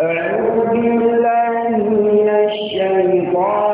أعوذ بالله من الشيطان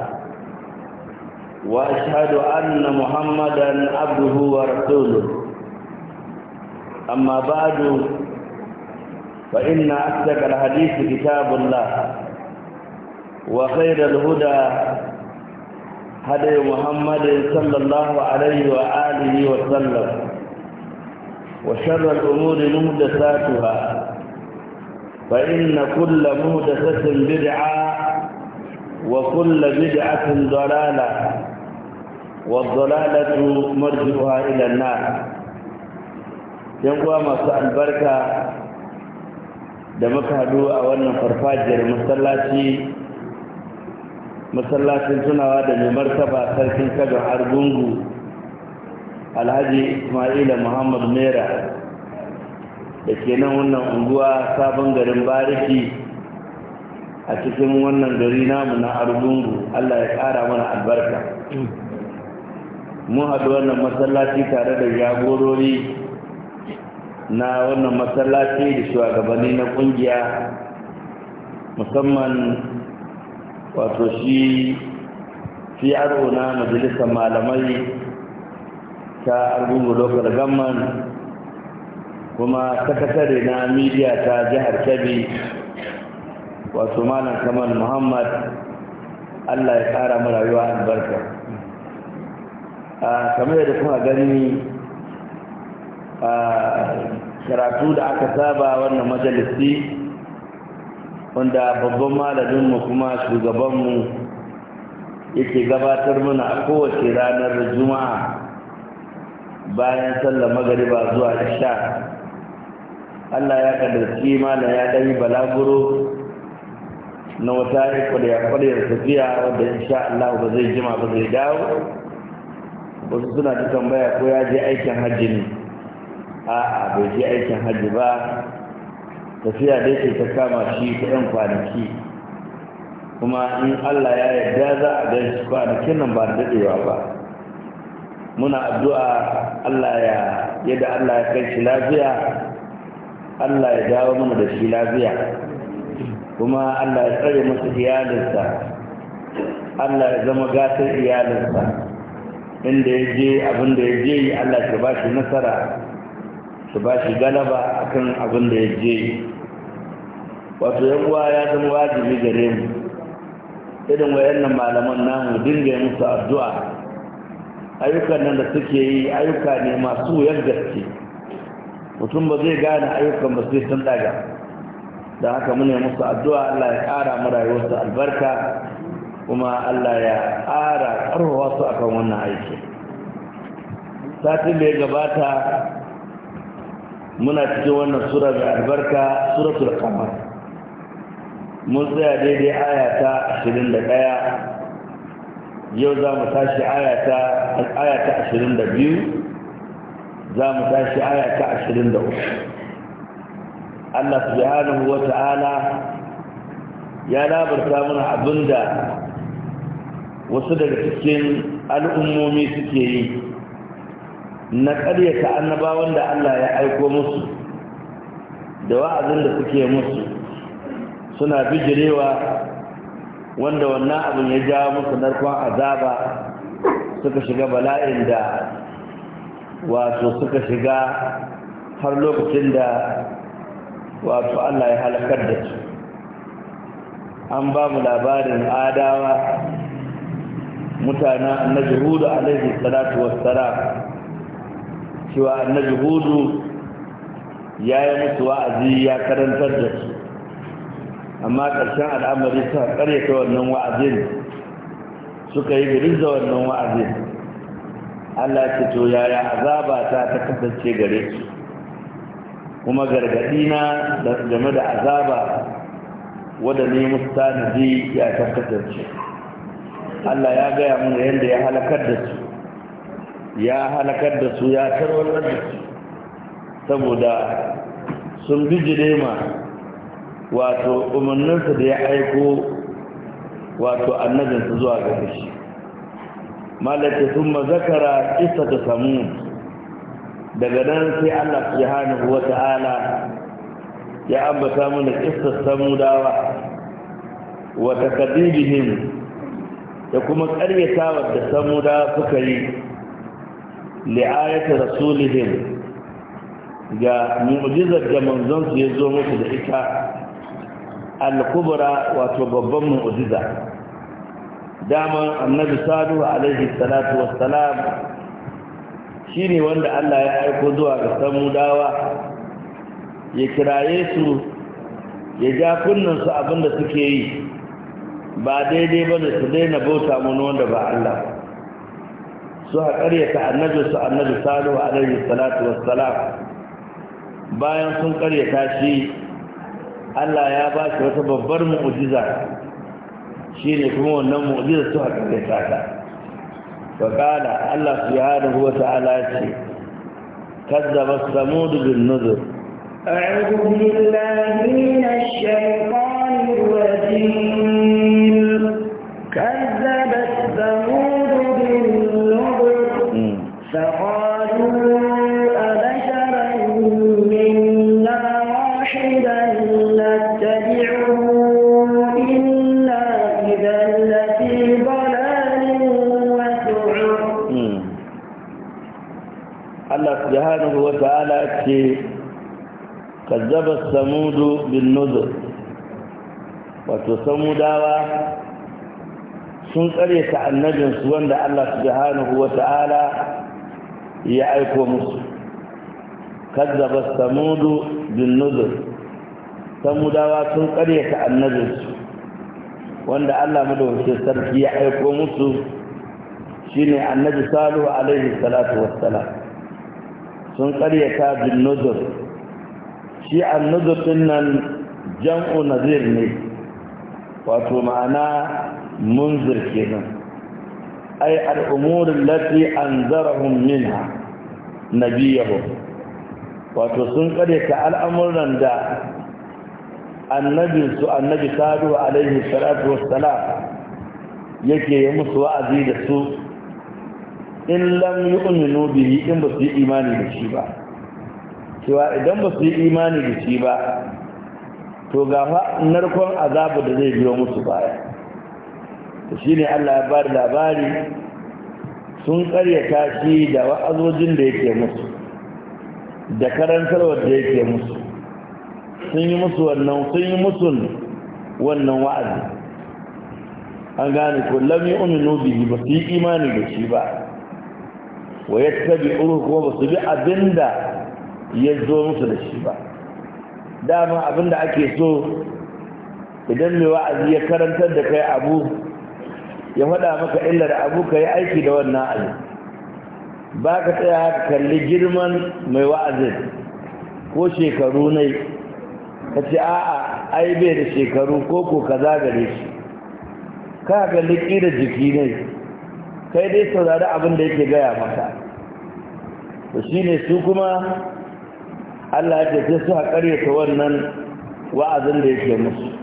وأشهد أن محمدا عبده ورسوله أما بعد فإن أصدق الحديث كتاب الله وخير الهدى هدي محمد صلى الله عليه وآله وسلم وشر الأمور مهدساتها فإن كل مهدسة بدعة وكل بدعة ضلالة والضلالة مرجعها إلى النار ينقوى ما سأل بركة دمك a wannan farfajiyar masallacin tunawa da mai martaba sarkin kaga argungu alhaji ismaila muhammad mera da ke nan wannan unguwa sabon garin bariki a cikin wannan gari namu na argungu allah ya kara mana albarka mm. mun haɗu wannan masallaci tare da jagorori na wannan masallaci da shugabanni na ƙungiya musamman wato shi aro na majalisar malamai ta argungu local government kuma sakatare na midiya ta jihar kebbi wato malam kamal muhammad allah ya kara mu rayuwa kamar yadda kuma gani a karatu da aka saba wannan majalisi wanda babban malaminmu kuma shugabanmu yake gabatar mana a kowace ranar juma'a bayan sallar magariba zuwa isha Allah ya kadarci mana ya ɗanyi balaguro na wata ya kwaliyar tafiya wanda insha Allah ba zai jima ba zai dawo wasu suna ta tambaya ko ya je aikin hajji ne a'a bai je aikin hajji ba tafiya dai ce ta kama shi ta yan kwanaki kuma in Allah ya yarda za a ga shi kwanakin nan ba da daɗewa ba muna addu'a Allah ya yadda Allah ya kai shi lafiya Allah ya dawo mana da shi lafiya kuma Allah ya tsare masa iyalinsa Allah ya zama gatar iyalinsa inda ya je abin da ya je yi Allah ya ba shi nasara ta ba shi galaba akan abin da ya je yi wato uwa ya zama wajibi gare mu irin wayannan malaman namu dinga musu addu'a ayyukan nan da suke yi ayyuka ne masu wuyar gaske mutum ba zai gane ayyukan ba sai sun daga da haka ne musu addu'a Allah ya ƙara mu rayuwarsa albarka kuma Allah ya ƙara ƙarfafa su akan wannan aiki satin da ya gabata muna cikin wannan sura da albarka suratul qamar mun tsaya daidai aya ta ɗaya. yau za mu tashi aya ta biyu. za mu tashi aya ta uku. Allah subhanahu wa ta'ala ya labarta mana abin da wasu daga cikin al'ummomi suke yi na ƙaryata annabawan da Allah ya aiko musu da wa'azin da suke musu suna bijirewa wanda wannan abin ya jawo musu narkon azaba suka shiga bala'in da wato suka shiga har lokacin da wato Allah ya halakar da su an ba mu labarin adawa mutanen annabi hudu alaihi salatu wassara cewa annabi hudu ya yi musu wa'azi ya karantar da su amma ƙarshen al'amari suka karyata wannan wa'azin suka yi birin da wannan wa'azin Allah ce to yaya azaba ta ta kasance gare su kuma gargaɗi na game da azaba wadda ne musu tanadi ya ce Allah ya gaya mana yadda ya halakar da su ya halakar da su ya tarwatar da su saboda sun bijire jirema, wato umarninsa da ya aiko wato annabinsa zuwa gaba shi malaka sun mazakara isa da samu daga nan sai Allah subhanahu wa ta'ala ya ambata mana kissar samudawa wa takadibihim da kuma karyatawar da samudawa suka yi li'ayata rasulihim ga mu'jizar da manzonsu ya zo musu da ita al-kubra wato babban mu'jiza dama annabi salihu alaihi salatu wassalam shine wanda Allah ya aiko zuwa ga samudawa ya kiraye su ya ja kunninsu abinda suke yi ba daidai ba da su daina bauta mana wanda ba Allah su a ta annabi su annabi salihu alaihi salatu wassalam bayan sun ƙaryata shi Allah ya ba shi wata babbar mu'ujiza shi ne kuma wannan mu'ujiza su haƙarya ta wa ƙala Allah subhanahu wa hada huwa ta'ala ce kazzaba samud bin nuzur أعوذ بالله من الشيطان كذبت ثمود kazzabar samudu bin wato samudawa sun karyata annabinsu wanda Allah subhanahu ta'ala ya aiko musu kazzabar samudu bin samudawa sun karyata annabinsu wanda Allah madawacin sarki ya aiko musu shine annabi salihu alaihi salatu wassalam sun karyata bin shi annuzur nan jam'u nazir ne wato ma'ana munzir kenan ay al-umur allati anzarahum minha nabiyahum wato sun kare ta al'amuran da annabi su annabi sadu alaihi salatu wassalam yake yi musu wa'azi da su in lam yu'minu bihi in ba su yi imani da shi ba cewa idan ba su yi imani da shi ba to ga narkon azabu da zai biyo musu baya to shine Allah ya bada labari sun karyata shi da wa'azojin da yake musu da karantarwar da yake musu sun yi musu wannan sun yi musu wannan wa'azi an gane ko lam yu'minu bihi ba su yi imani da shi ba wa yattabi'uhu kuma ba su bi abinda ya zo musu da shi ba dama abinda ake so idan mai wa'azi ya karantar da kai abu ya faɗa maka illar abu ka yi aiki da wannan abu ba ka tsaya ka kalli girman mai wa'azin ko shekaru ne ka ce a'a ai bai da shekaru ko ko ka zagare shi ka kalli ƙira jiki ne kai dai saurari abin da yake gaya maka to ne su kuma Allah ya ce su a karyata wannan wa'azin da yake musu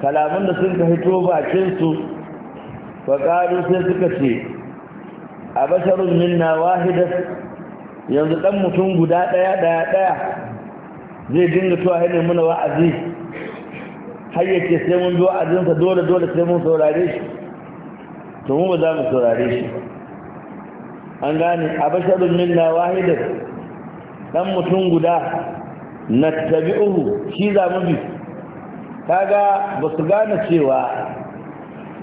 kalaman da sun ka hito bakin su fa qalu sai suka ce a basharun minna wahidat yanzu dan mutum guda daya daya daya zai dinga tuwa hane muna wa'azi har yake sai mun bi wa'azinsa dole dole sai mun saurare shi to mu ba za mu saurare shi an gane a basharun minna wahidat dan mutum guda na tabi'uhu shi za mu bi kaga ba su gane cewa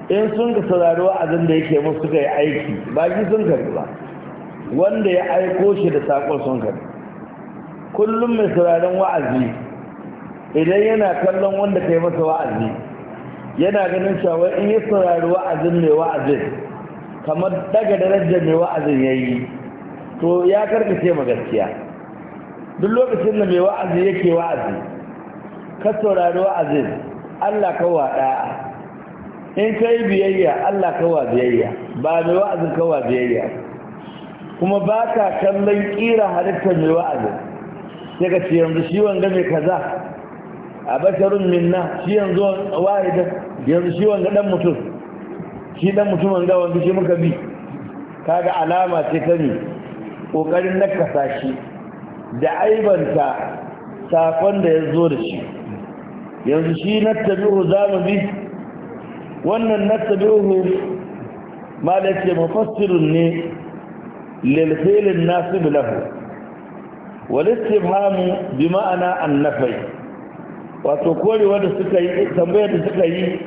in sun ka saurari wa'azin da yake musu suka yi aiki ba shi sun ka ba wanda ya aiko shi da sakon sun ka kullum mai sauraron wa'azi idan yana kallon wanda ka yi masa wa'azi yana ganin cewa in ya saurari wa'azin mai wa'azin kamar daga darajar mai wa'azin ya yi to ya karkace ma gaskiya duk lokacin da mai wa'azi yake wa'azi ka saurari wa'azin Allah ka wa in ka yi biyayya Allah ka biyayya ba mai wa'azin ka biyayya kuma ba ka kallon ƙira halittar mai wa'azin sai ka ce yanzu shi wanga mai kaza a basharun minna shi yanzu wahidan yanzu shi wanga dan mutum shi dan mutum wanga wanda shi muka bi kaga alama ce ta ne ƙoƙarin nakasa shi da aibanta sakon da ya zo da shi yanzu shi na tabi'u za mu bi wannan na tabi'u ma da ke mafassirin ne lilfilin nasu bilahu mu bi ma'ana annafai wato korewa da suka yi tambayar da suka yi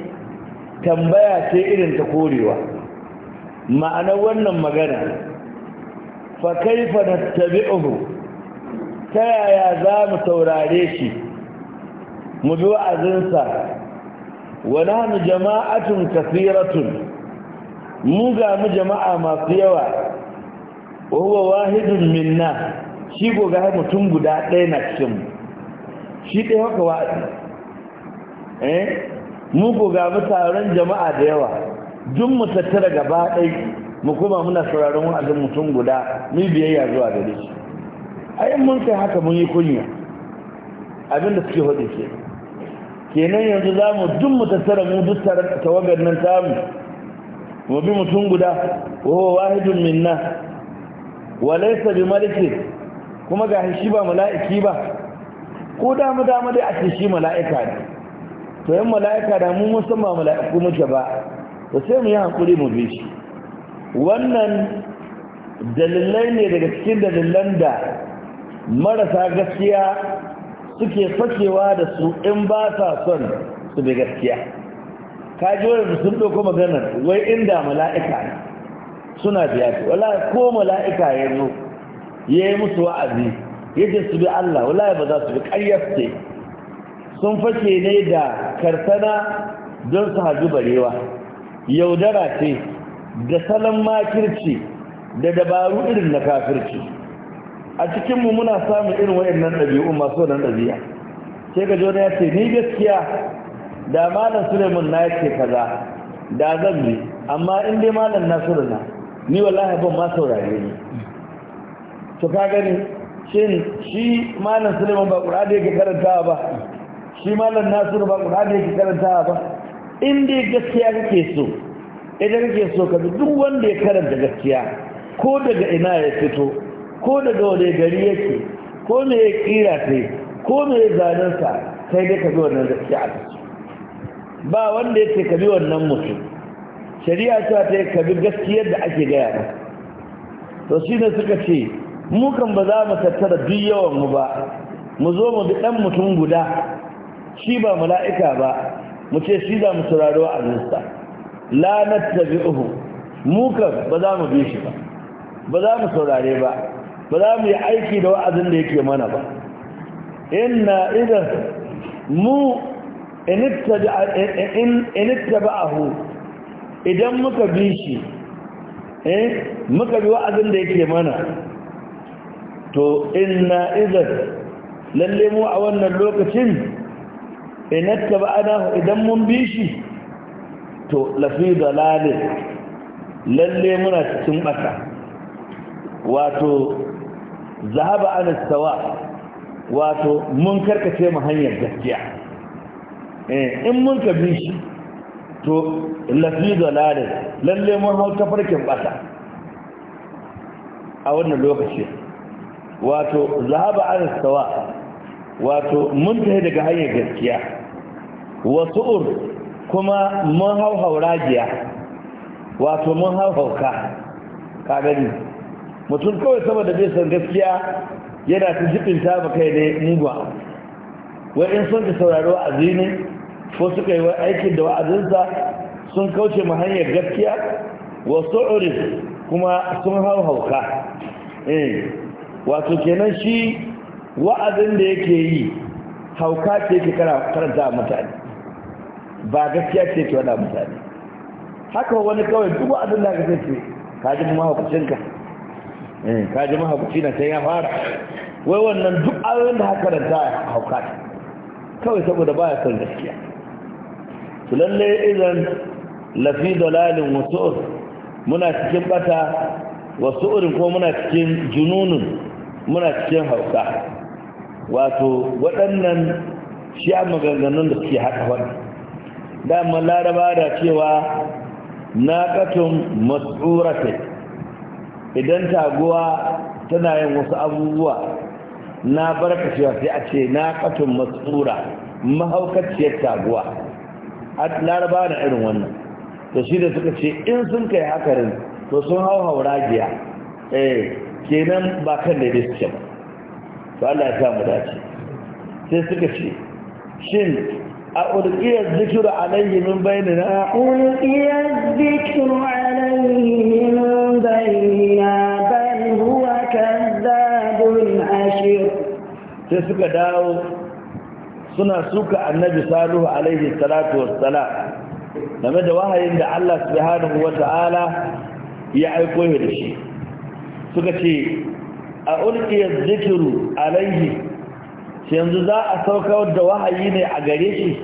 tambaya ce irin ta korewa Ma'anar wannan magana fa kaifa tabi'uhu ta yaya za mu taurare shi mu bi wa'azinsa wa nahnu jama'atun kathiratun mu ga mu jama'a masu yawa wa huwa wahidun minna shi goga mutum guda ɗaya na cikin mu shi ɗaya haka wa'azi eh mu goga mu taron jama'a da yawa duk mu tattara gaba ɗaya mu kuma muna sauraron wa'azin mutum guda mu biyayya zuwa gare shi a yin mun kai haka mun yi kunya abinda suke hudu ke kenan yanzu za mu duk mu tattara mu duk tawagar nan ta mu bi mutum guda wa wahidun minna wa laysa bi malikin kuma ga shi ba mala'iki ba ko damu damu dai a shi mala'ika ne to yin mala'ika da mu ba mala'iku muke ba to sai mu yi hankuri mu bi shi wannan dalilai ne daga cikin dalilan da marasa gaskiya suke fakewa da su in ba sa son su bi gaskiya ka ji da sun ɗauko maganar wai inda mala'ika ne suna biya wala ko mala'ika ya zo ya yi musu wa'azi ya ce su bi Allah wala ba za su bi ƙaryar sun fake ne da karsana don su haɗu barewa yaudara ce da salon makirci da dabaru irin na kafirci a cikinmu muna samun irin wa'annan ɗabi'u masu wannan ɗabi'a sai ga jona ya ce ni gaskiya da malam suleiman na yake kaza da zan bi amma in dai malam nasiru na ni wallahi ban ma saurare ni to ka gani shin shi malam suleiman ba ƙura da yake karantawa ba shi malam nasiru ba ƙura da yake karantawa ba in dai gaskiya kake so idan kake so ka duk wanda ya karanta gaskiya ko daga ina ya fito ko daga dole gari yake ko me ya kira ta ko me ya zanen sa, sai dai ka bi wannan gaskiya a kasu ba wanda ya ce ka bi wannan mutum shari'a ta ta ka bi gaskiyar da ake gaya maka to shi ne suka ce mu kan ba za mu tattara duk yawan mu ba mu zo mu bi dan mutum guda shi ba mala'ika ba mu ce shi za mu turaro a nista la nattabi'uhu mu kan ba za mu bi shi ba ba za mu saurare ba ba za mu yi aiki da wa'azin da yake mana ba inna idan mu inittaba'ahu idan muka bi shi eh muka bi wa'azin da yake mana to inna idan lalle mu a wannan lokacin inittaba'anahu idan mun bi shi to lafi dalalin lalle muna cikin ɓasa wato zahaba an sawa wato mun karkace mu hanyar gaskiya eh, in mun ka bi shi to lafi dalalin lalle mun hau ta farkin bata a wannan lokaci wato zahaba an sawa wato mun tafi daga hanyar gaskiya wasu ur kuma mun hau haurajiya wato mun hau hauka ka gani mutum kawai saboda bai san gaskiya yana ta jibinta ba kai ne mugu wai in sun ka saurari wa'azi ne ko suka yi wa aikin da wa'azinsa sun kauce mu hanyar gaskiya wa su'uri kuma sun hau hauka eh wato kenan shi wa'azin da yake yi hauka ce yake karanta mutane ba gaskiya ce ke wada mutane haka wani kawai duk wa'azin da ka sai ce ka ji kuma Eh, ka ji mahaukaci na sai ya fara wai wannan duk ayoyin da haka da za a hauka kawai saboda ba ya son gaskiya su lalle izan lafi dalalin wasu muna cikin bata wasu urin ko muna cikin jununun muna cikin hauka wato waɗannan shi a maganganun da suke haka wani damar laraba da cewa na ƙatun matsurata idan taguwa tana yin wasu abubuwa na barkashewa sai a ce na katun matsura mahaukaciyar taguwa a laraba na irin wannan to shi da suka ce in sun kai hakarin to sun hau hauragiya eh kenan ba kan da ce ba to Allah ya samu dace sai suka ce shin a ƙulƙiyar zikiru a nan yi a ƙulƙiyar zikiru a nan yi min bai kan zagun ashir sai suka dawo suna suka annabi saluhu alaihi salatu wassala game da wahayin da allah su hannun ta'ala ya aiko shi suka ce a ƙulƙiyar zikiru alaihi yanzu za a saukar da wahayi ne a gare shi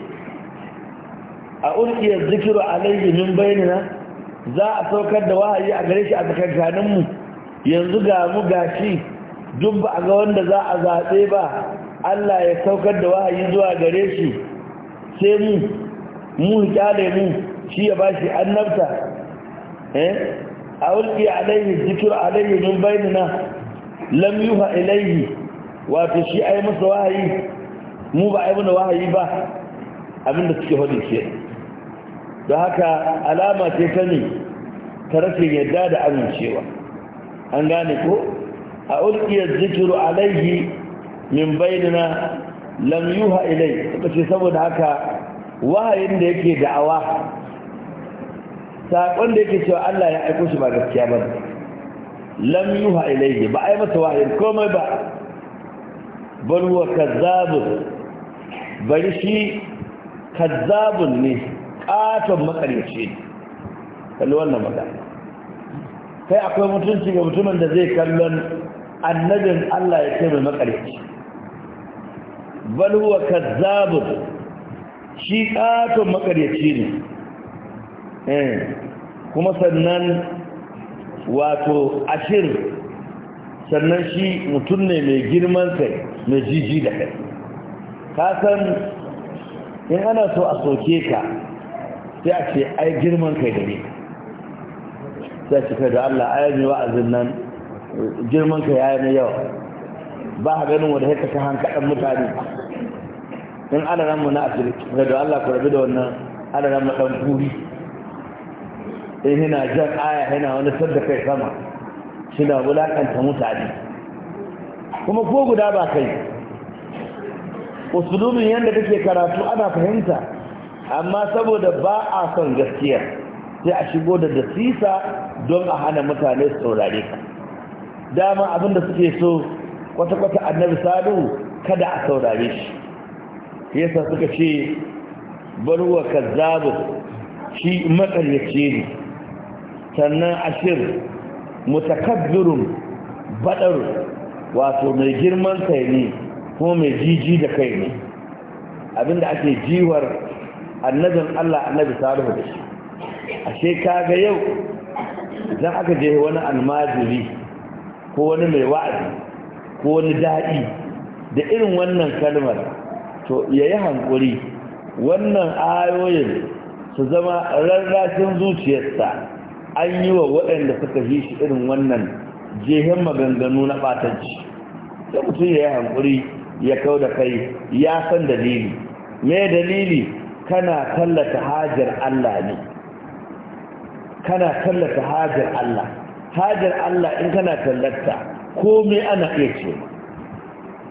a ulkiyar zikiru alaihi min bainina za a saukar da wahayi a gare shi a tsakankaninmu yanzu ga mu gashi duk ba a ga wanda za a zaɓe ba Allah ya saukar da wahayi zuwa gare shi sai mu mu kyale mu shi ya bashi annabta eh a ulki alaihi zikiru alaihi min bainina lam yuha ilaihi wato shi ai masa wahayi mu ba ai mana wahayi ba abinda suke faɗi ce don haka alama ce ta ne ta rashin yadda da amincewa an gane ko a ulkiyar zikiru alaihi min bainina lam yuha ilai suka ce saboda haka wahayin da yake da'awa saƙon da yake cewa Allah ya aiko shi ba gaskiya ba lam yuha ilai ba ai masa wahayin komai ba bal wa kazzabun bari shi kazzabun ne katon makaryaci ne kalli wannan magana kai akwai mutunci ga mutumin da zai kallon annabin Allah ya kai mai makaryaci bal wa kazzabun shi katon makaryaci ne eh kuma sannan wato ashir sannan shi mutum ne mai girman kai mai jiji da kai ka san in ana so a soke ka sai a ce ai girman kai gare sai ce kai da Allah ai mai wa'azin nan girman kai yayi mai yawa ba ha ganin wanda haka ta hankalan mutane in ana ran mu na asirki sai da Allah ku rabi da wannan ana ran mu dan kuri in hina jan aya hina wani sadda kai sama shi na wulakanta mutane kuma ko guda ba kai usulumin yadda take karatu ana fahimta amma saboda ba a son gaskiya sai a shigo da dasisa don a hana mutane su saurare ka dama abin da suke so kwata-kwata annabi sadu kada a saurare shi yasa suka ce barwa kazzabu shi makaryace ne sannan ashir mutakabbirun badar wato mai girman kai ne kuma mai jiji da kai ne abinda ake jiwar annabin Allah annabi salihu da shi ashe kaga yau idan aka je wani almajiri ko wani mai wa'azi ko wani daɗi da irin wannan kalmar to yayi hankuri wannan ayoyin su zama rarrashin zuciyarsa an yi wa waɗanda suka yi shi irin wannan jehen maganganu na ɓatanci sai mutum ya yi hankuri ya kau da kai ya san dalili me dalili kana tallata hajar Allah ne kana tallata hajar Allah hajar Allah in kana tallata komai ana iya ce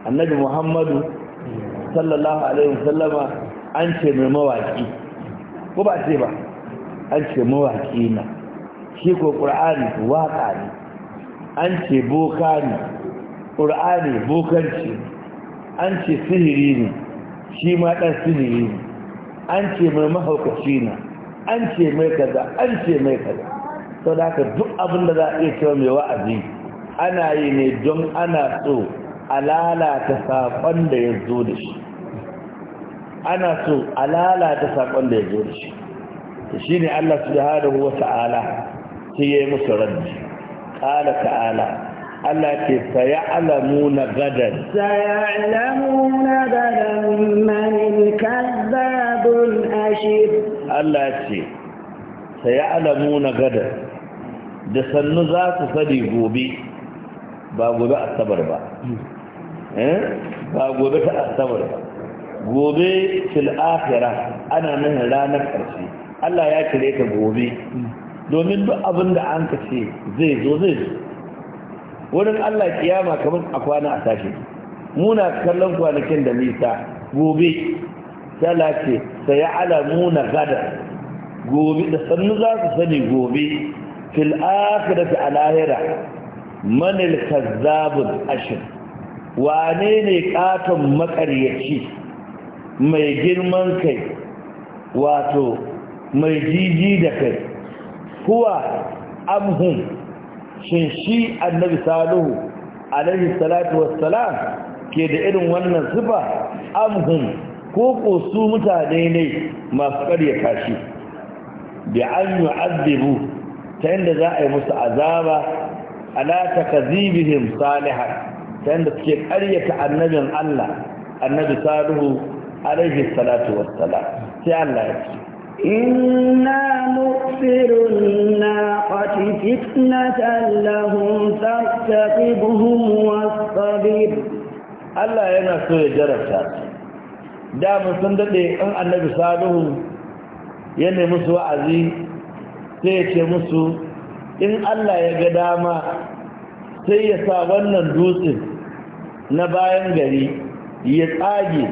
annabi Muhammadu sallallahu alaihi wasallama an ce mai mawaki ko ba ce ba an ce mawaki na shi ko qur'ani waka ne an ce boka ne ƙur'ani bokanci an ce sihiri ne shi ma ɗan sihiri ne an ce mai mahaukaci na an ce mai kaza an ce mai kaza sau da haka duk abin da za a iya cewa mai wa'azi ana yi ne don ana so a lalata saƙon da ya zo da shi ana so a lalata saƙon da ya zo da shi shi ne allah su da hada wata ala sai ya yi musu rabbi qala ta'ala Allah ce saya'lamuna gadan saya'lamuna gadan man kazzabun ashir Allah ce saya'lamuna gadan da sannu za su sadi gobe ba gobe asabar ba ba gobe ta asabar ba gobe fil akhirah ana nan ranar karshe Allah ya kire ta gobe domin duk abin da an kace zai zo zai zo wurin Allah kiyama kamar a kwana a tashi muna kallon kwanakin da nisa gobe tala ce sai alamuna gada gobe da sannu za su sani gobe fil akhirati al ahira man al ashir wane ne katon makaryaci mai girman kai wato mai jiji da kai huwa amhum shin shi annabi salihu alaihi salatu wassalam ke da irin wannan sifa amhum ko ko su mutane ne masu ƙarya kashi bi an yu'adhibu ta inda za a yi musu azaba ala takazibihim salihan ta inda suke karyata annabin Allah annabi salihu alaihi salatu wassalam sai Allah ya ce إنا مؤثر الناقة Allah yana so ya jarabta da mun sun dade in Annabi Salihu ya nemi su wa'azi sai ya ce musu in Allah ya ga dama sai ya sa wannan dutsen na bayan gari ya tsage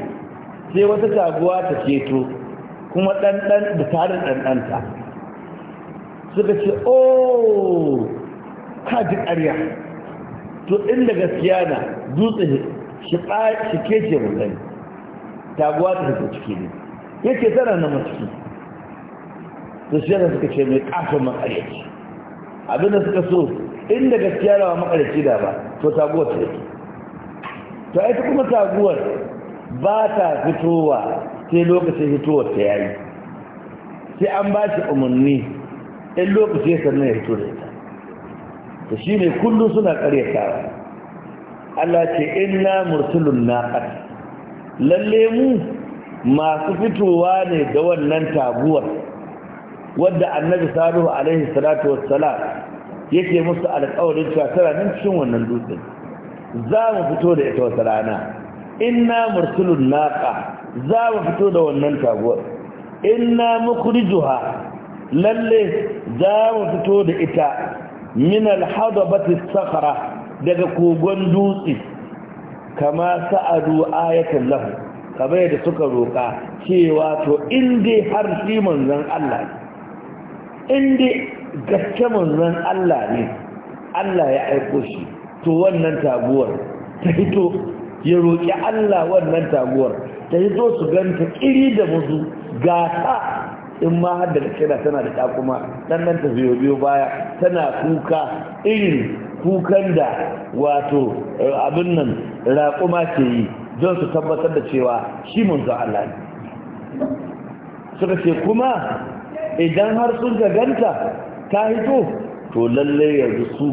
sai wata taguwa ta ceto kuma ɗanɗan da tarin ɗanɗanta suka ce oh ji ƙarya to inda gaskiya na dutse shi ce mutane taguwa ta fito ciki ne yake tana na maciki to shi yana suka ce mai ƙafin makaryaci abinda suka so inda gaskiya na makaryaci da ba to taguwa ta yake to ta kuma taguwar ba ta fitowa sai lokacin hitowar ta yayi sai an ba shi umarni in lokacin sannan ya hito da ita to shi ne kullum suna karyatawa Allah ce inna mursulun naqat lalle mu masu fitowa ne da wannan taguwar wadda annabi salihu alaihi salatu wassalam yake musu alƙawarin cewa tana nan cikin wannan dutsen za mu fito da ita wata rana inna mursulun naqa za mu fito da wannan taguwar inna mukhrijuha lalle za mu fito da ita min alhadabati sakhara daga kogon dutse kama sa'adu ayatan lahu kamar yadda suka roka cewa to inde har shi manzon Allah inde gaske manzon Allah ne Allah ya aiko shi to wannan taguwar ta fito ya roki Allah wannan taguwar ta yi zo su ganta iri da muzu gata in ma da kira tana da kuma dan nan ta biyo biyo baya tana kuka irin kukan da wato eh, abin nan raƙuma ke yi don su tabbatar da cewa shi manzo Allah ne suka ce kuma idan har sun ga ganta ta hito to lallai yanzu su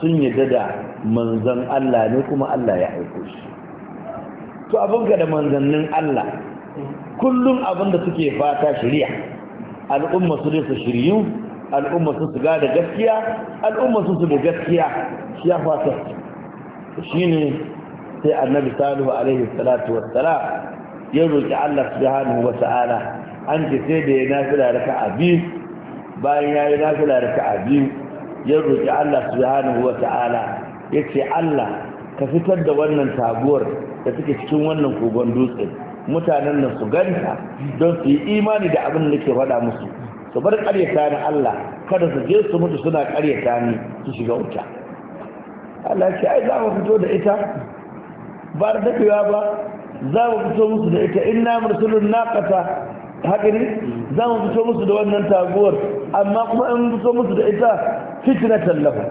sun yi da manzon Allah ne kuma Allah ya aiko shi to ka da manzannin Allah kullum abin da suke fata shari'a al'umma su su shiryu al'umma su su gada gaskiya al'umma su su da gaskiya shi ya fata shi ne sai annabi salihu alaihi salatu wassalam ya roƙi Allah subhanahu wa ta'ala an ce sai da ya nafila raka'a biyu bayan ya yi nafila raka'a biyu ya roƙi Allah subhanahu wa ta'ala ya ce Allah ka fitar da wannan taguwar da suke cikin wannan kogon dutse mutanen nan su ganta don su yi imani da abin da ke faɗa musu su bar ƙaryata ni Allah kada su je su mutu suna ƙaryata ni su shiga wuta Allah ce ai za mu fito da ita ba da dafewa ba za mu fito musu da ita inna mursulun naqata haka za mu fito musu da wannan taguwar amma kuma in fito musu da ita fitnatan tallafa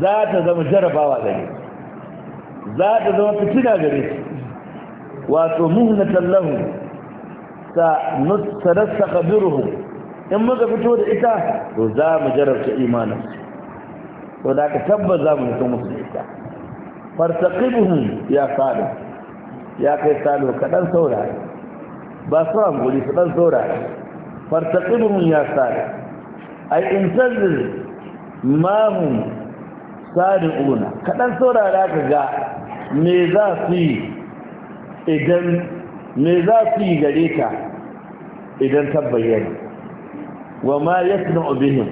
za ta zama jarabawa gare za ta zama fitina gare shi wato muhnatan lahu sa nustarassa qabiruhu in muka fito da ita to za mu jarabta imanin to da ka tabbas za mu fito musu da ita fartaqibuhum ya salih ya kai salih ka dan saurara ba su hankuli su dan saura fartaqibuhum ya salih ai intazir ma hum sadiquna ka saura da ka ga me za su yi idan me za su yi gare ta idan ta wa ma yasna'u bihim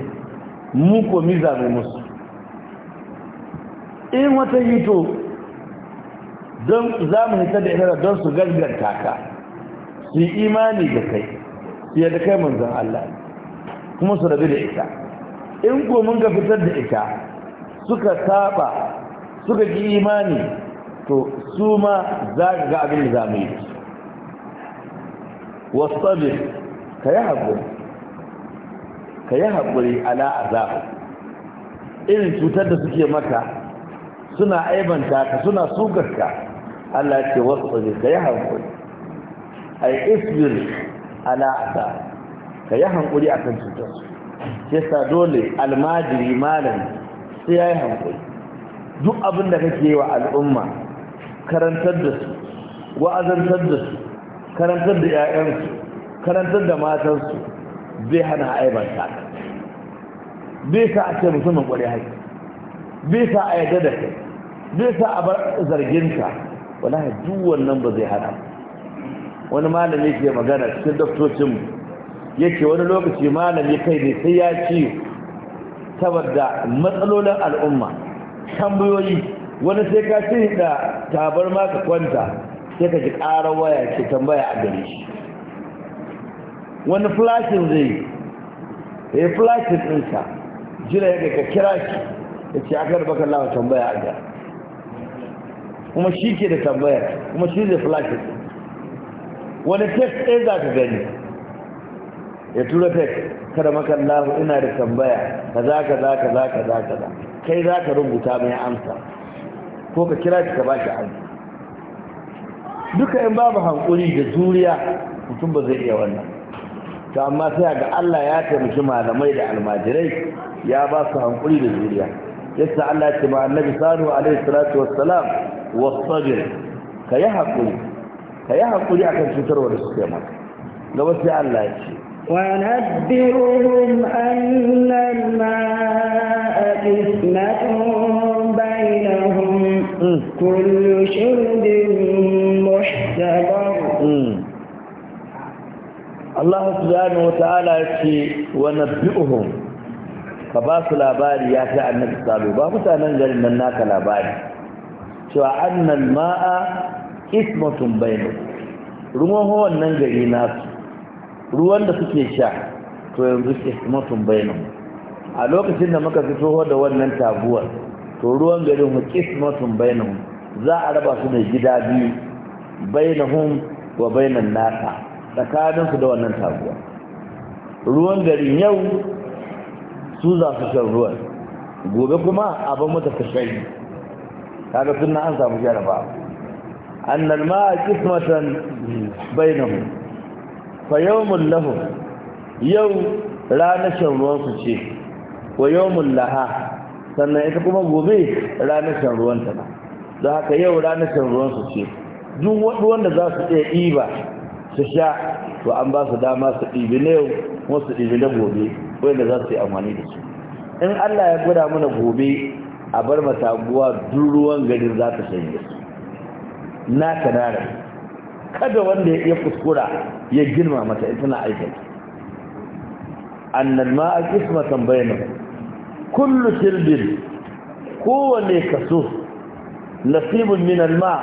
mu ko mi za mu musu in wata hito don za mu hita da ita don su garganta ka su yi imani da kai fiye da kai manzan Allah kuma su rabu da ita in ko mun ga fitar da ita suka saba suka ji imani to su ma za ka ga abin da za mu yi wasu ka yi haƙuri ka yi haƙuri ala azabu irin cutar da suke maka suna aibanta ka suna sugarka Allah ce wasu wasabir ka yi haƙuri yi isbir ala azabu ka yi haƙuri a kan cutar su sa dole almajiri malam sai ya yi haƙuri duk abin da kake yi wa al'umma karantar da su wa'azantar da su karantar da 'ya'yansu karantar da matansu zai hana aibar ka bai sa a ce musamman kwarai haƙi bai sa a yadda da kai bai sa a bar zarginka wani duk wannan ba zai hana wani malami ke magana cikin Ya yake wani lokaci malami kai ne sai ya ci saboda matsalolin al'umma tambayoyi wani sai ka ce da tabar maka kwanta sai ka ji ƙarar waya ke tambaya a gare shi wani flashin zai yi ya eh, yi flashin ɗinsa jira ya ka kira shi ya ce aka da baka lawa tambaya a gare kuma shi ke da tambaya kuma shi zai flashin wani tek ɗaya za ka gani ya tura tek kada makallahu ina da tambaya Ka ka ka kaza ka kaza ka kaza kai za ka rubuta mai amsa ko ka kira shi ka ba shi hankali duka in babu hankuri da zuriya mutum ba zai iya wannan to amma sai ga Allah ya taimaki malamai da almajirai ya ba su hankuri da zuriya yadda Allah ya ce ma annabi sanu alaihi salatu wassalam wasabir kayi hakuri yi hakuri akan cutarwa da suke maka gaba sai Allah ya ce ونبئهم أن الماء قسمة بينهم Hmm. كل شرب محتضر Allah subhanahu wata'ala ya ce wani nabbi'uhum ka ba su labari ya ta annabi salo ba mutanen garin nan naka labari cewa annal ma'a ismatun bainu ruwan hawan nan gari nasu ruwan da suke sha to yanzu ismatun bainu a lokacin da muka fito da wannan taguwar to ruwan garin mu qismatun bainahum za a raba su da gida biyu bainahum wa bainan nasa tsakanin su da wannan taguwa ruwan garin yau su za su shan ruwan gobe kuma abin mata ta shayi kaga sunna an samu jaraba annal ma qismatan bainahum fa yawmun lahum yau ranar shan ruwan su ce wa yawmun laha sannan ita kuma gobe ranar shan ruwanta ba don haka yau ranar shan ruwansu ce duk wanda za su iya ɗiba su sha to an ba su dama su ɗibi na yau kuma su ɗibi na gobe wanda za su yi amfani da su in allah ya gwada mana gobe a bar mataguwa duk ruwan garin za ta shanye su na kanara kada wanda ya kuskura ya girma mata ita na aikata annal ma'a kismatan bayanan كل سلب كو نيكسو نصيب من الماء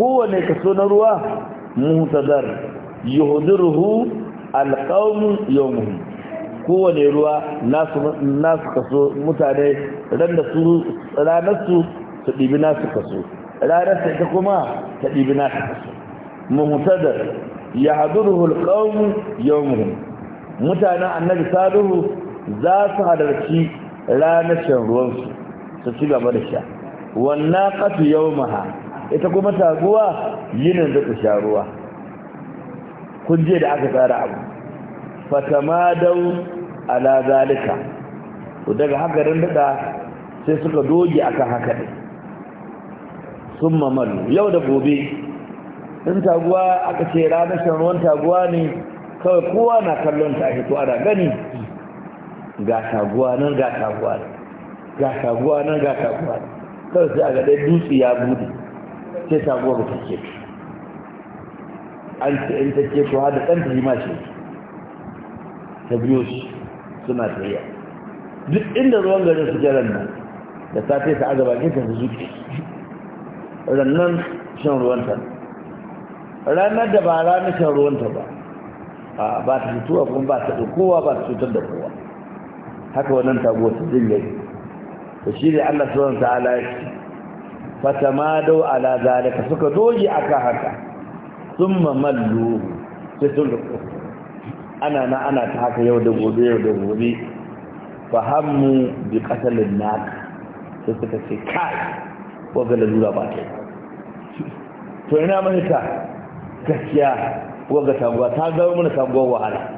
هو نيكسو نروى مهتدر يهدره القوم يومهم هو نيروى ناس ناس كسو متعدي رن نسو لا نسو تدي بناس كسو لا نسو تكما كسو مهتدر يهدره القوم يومهم متعنا أنك ساده ذات هذا الشيء ranacin shan ruwansu su ci gaba da sha wannan kafi yau maha ita kuma taguwa yinin da ku sha ruwa kun je da aka tsara abu fatamadau ala zalika to daga haka dan da sai suka doge aka haka ɗin sun mamalu yau da gobe in taguwa aka ce ranar ruwan taguwa ne kawai kowa na kallon ta ake to ana gani ga taguwa nan ga taguwa nan ga taguwa nan ga taguwa kawai sai a ga dutse ya bude sai taguwa ba ta ce an ce in ta ce ko har da ɗan ta yi ma ce ta biyo shi suna tafiya duk inda ruwan garin su ke nan da safe ta aga bakin ta zuke rannan shan ruwan ta ranar da ba ranar shan ruwan ta ba ba ta fitowa kuma ba ta kowa ba ta cutar da kowa haka wannan taguwar su din yayi to shi ne Allah subhanahu ta'ala ya ce fatamadau ala zalika suka doge aka haka thumma mallu sai sun ana na ana ta haka yau da gobe yau da gobe fahammu bi qatalin nak sai suka ce kai ko ga lura ba ta to ina ta gaskiya ko ga taguwa ta ga mun taguwar wahala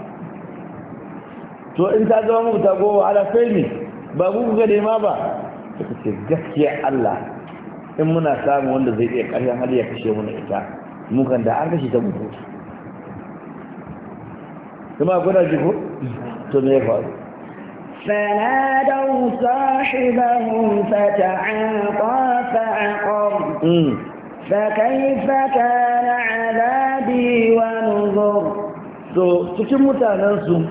to in ta zama muku ta gowa ala sai ba ku ga nema ba ta ce gaskiya Allah in muna samu wanda zai iya ƙarshen hali ya kashe muna ita mukan da an kashe ta mutu kuma kuna ji ko to me ya faru فنادوا صاحبهم فتعاطى فعقر فكيف كان عذابي ونذر so cikin mutanensu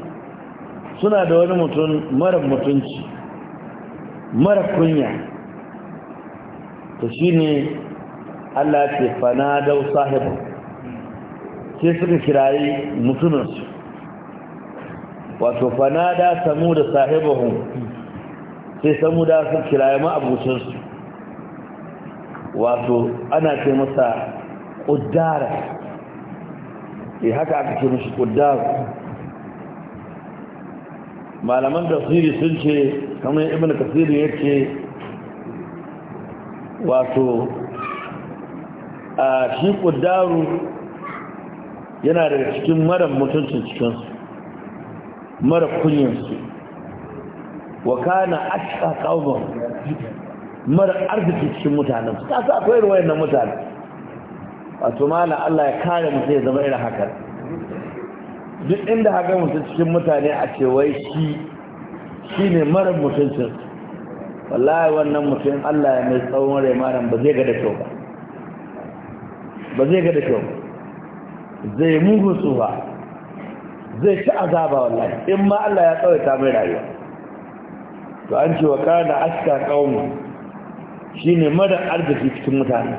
suna da wani mutum mara mutunci mara kunya Ta shi ne Allah ce fana dau sahibu sai suka kirayi mutuninsu, wato fana da samu da sahibahun sai samu da su kirayi ma'abucinsu wato ana ce masa ƙuddara sai eh, haka aka ce mashi ƙuddara malaman tafsiri sun ce kamar ibn kasiri ya ce wato a shi kudaru yana daga cikin mara mutuncin cikinsu mara kunyansu wa kana ashka kawon mara arziki cikin mutanen su kasa akwai ruwayan mutane wato mala Allah ya kare mu ya zama irin haka duk inda haka mutum cikin mutane a cewai shi shi ne mara mutuncin wallahi wannan mutum allah ya mai tsawon rai malam ba zai ga da kyau ba ba zai ga da kyau zai mugun tsufa zai ci azaba wallahi in ma allah ya tsawaita mai rayuwa to an ce wa kana aska kawun shi ne mara arziki cikin mutane